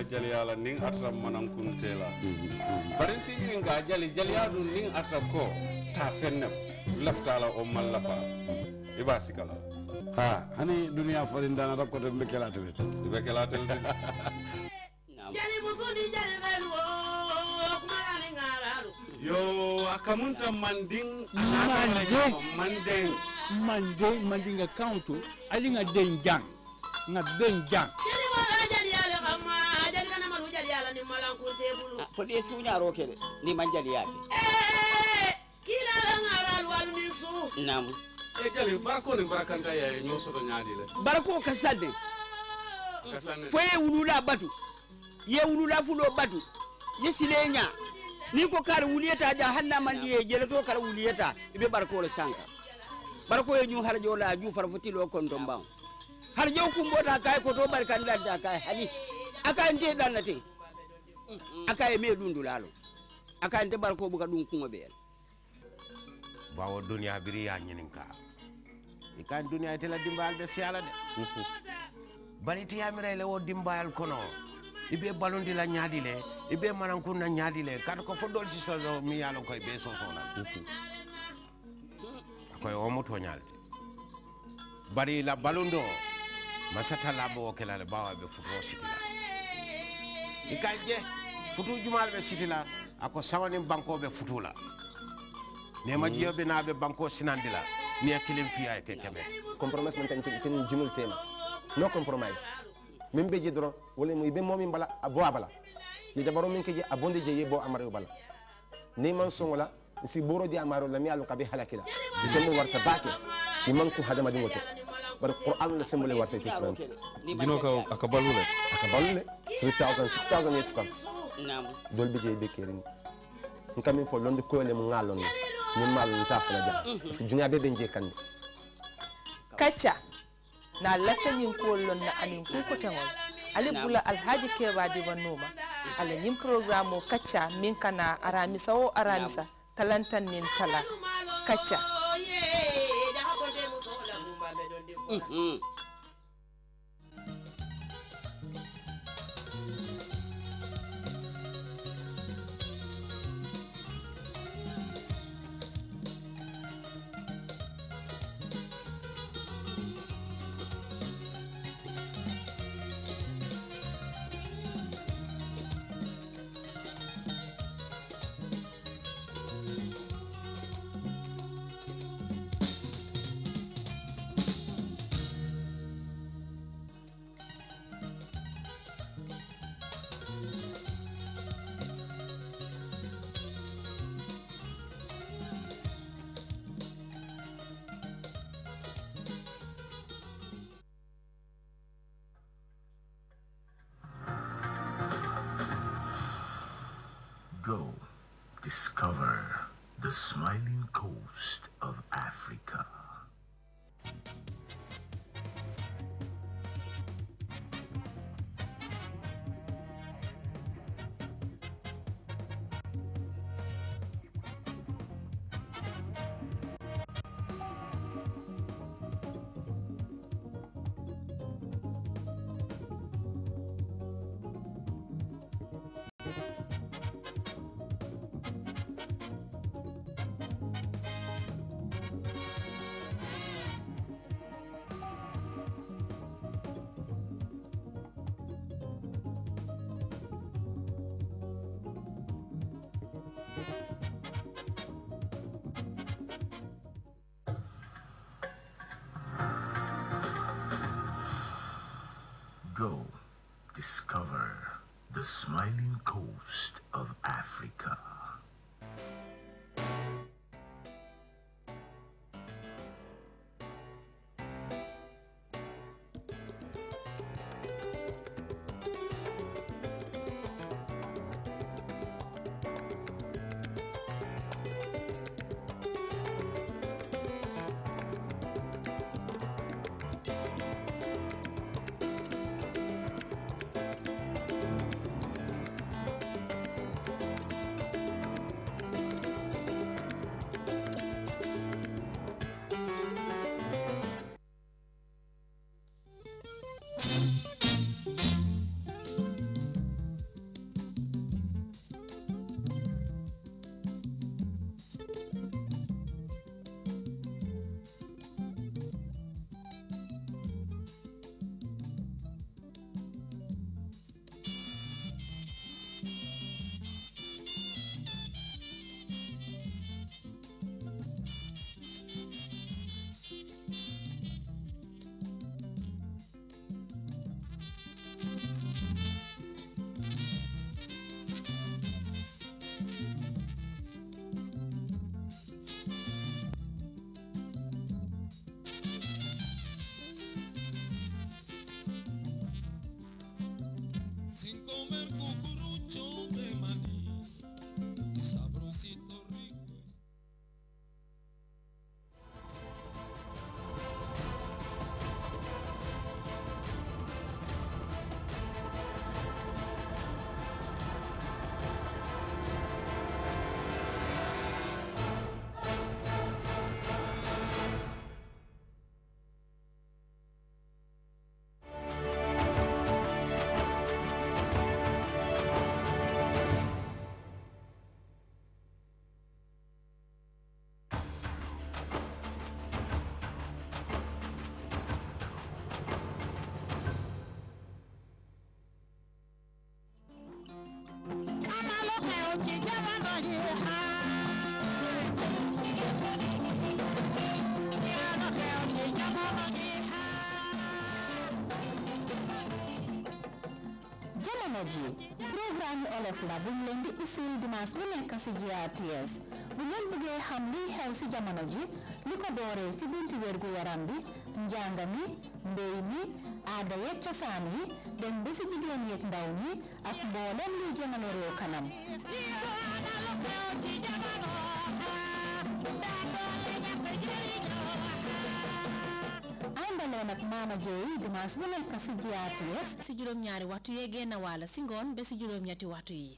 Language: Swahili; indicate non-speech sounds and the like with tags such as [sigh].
la jaliyala manam arata manankuntela mm-hmm, mm-hmm. bari si ñin jali jaliya dun nin arata ko ta fenne laftala o mallafa i sikala ha hani dunia farin dana ta de be kela tele mbe kela tele [laughs] jali musudi jali belu kumana ngaralu yo akamunta manding manje manding mande mandinga kauntu alinga denjang nga benjang fuɗɗi e cuuñaaro kede ndi manjaliyaake kilalaŋaral walmin su nam e jali barko ni eh, eh, barakanta ya e soto ñaadi le barko ka sanne oh. fo wulula batu ye wulula fulo batu ye sile ña ni ko kar wuliyeta ja hanna mandi ye jeleto kar wuliyeta ibe barko le sanka barko ye ñu harjo la ju far futilo konto mbaw harjo kumbota kay ko to barkandata kay hani aka nte ɗannate akaye me ɗundulalo akaye nte ɓara ko ɓuka dun kuma bel bawo duniya biri ya ñininka e kan dunya tela dimbayal be siyala de bari tiyamira le wo dimbayal kono ibe be la ñaadi le ibe be na ñaadi le kata ko fo dol sozo mi yalon koye ɓe sosola akoye womo toñalde bari la balundo masata labo wo kelale bawa be futo sitila i je futu jumaal ɓe sitila ako sawanin bankoɓe futula nema jiyoɓe naɓe banko sinandi la ni kilim fiya e ke keme compromise man tan tin jimul tema no compromise min be je dron wala mo be momi bala abo abala ye jabaro min ke je abonde je ye bo amare bala ni man songola si boro di amaro la mi alu kabe halakila sembo warta bake man ku hadama dingo to bar qur'an la sembo le warta ke dino ka akabalule akabalule 3000 6000 years naam dolbije be kerin nkami fo londi koyole mu ngalon ni malu ni tafala jam mhm. parce que dunia be be nje kandi kacha na latta nyin ko lon na anin ku ko tangol ali bula alhaji keba di wanuma ala nyin programme o kacha min kana aramisa o aramisa talantan nin tala kacha mhm. Go discover the smiling coast of Africa. go. Energy. programme olof la leen di isil dimanche bu nekk si GRTS bu ngeen bëggee xam liy xew si jamono ji li ko dooree si bunti wérgu yaram bi mi mbéy mi aada yeeg cosaan yi dem ba si jigéen yeeg ndaw ñi ak mbooleem luy jëmale réew kanam. Iya, iya, iya. ak maama jooy dimanche bu nekk si jiyaatu yes si juróom-ñaari waxtu yee génn waala si ngoon ba si juróom-ñetti waxtu yi